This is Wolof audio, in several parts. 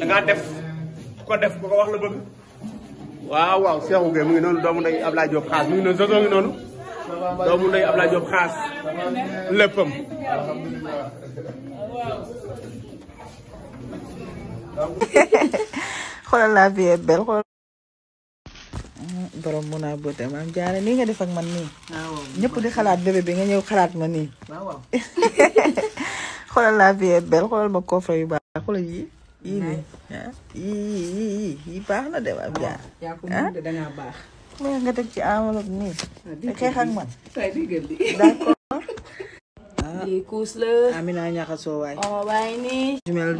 dangaa def ko def ku ko wax la bëgg waaw waaw Cheikhou mu ngi noonu doomu ndey Ablaye Diop xaas mu ngi noonu Jojo ngi noonu doomu ndey Ablaye Diop xaas léppam xoolal laa vie est belle xoolal. borom mun naa bëtte maam jaare nii nga def ak man nii. Ah, ñëpp di xalaat bébé bi nga ñëw xalaat ma nii. Ah, waaw xoolal laa vie est belle ma coffre yu baax xoolal yi. yii nii ah, yii yii yii baax na de maam jaar. yaa ko nga teg ci enveloppe nii. xeex ak man. d'accord. di kuus la Amina waay oo oh, waay nii jumel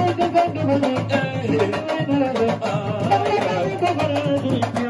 Thank you.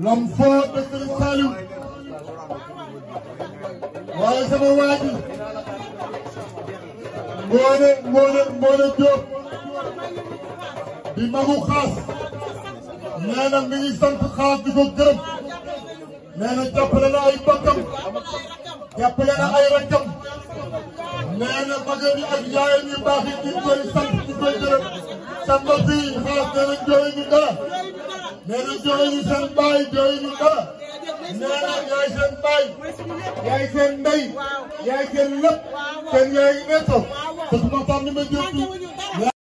L'homme fort de Serigne Saliou waaye sama waa ji Ngoné xaas nee na ngi sant xaas di ko gërëm nee na jàppale na ay bokkam jàppale na ay rakkam nee na bëggee ni ak jaay ñu baax yi ñu koy sant ñu koy gërëm Samba fii xaas nee na jooy ñu dara nee na jooy ñu seen baay jooy ñu dara nee na yaay seen baay yaay seen ndey yaay seen lépp seen yaay neto te su ma sànni ma jënd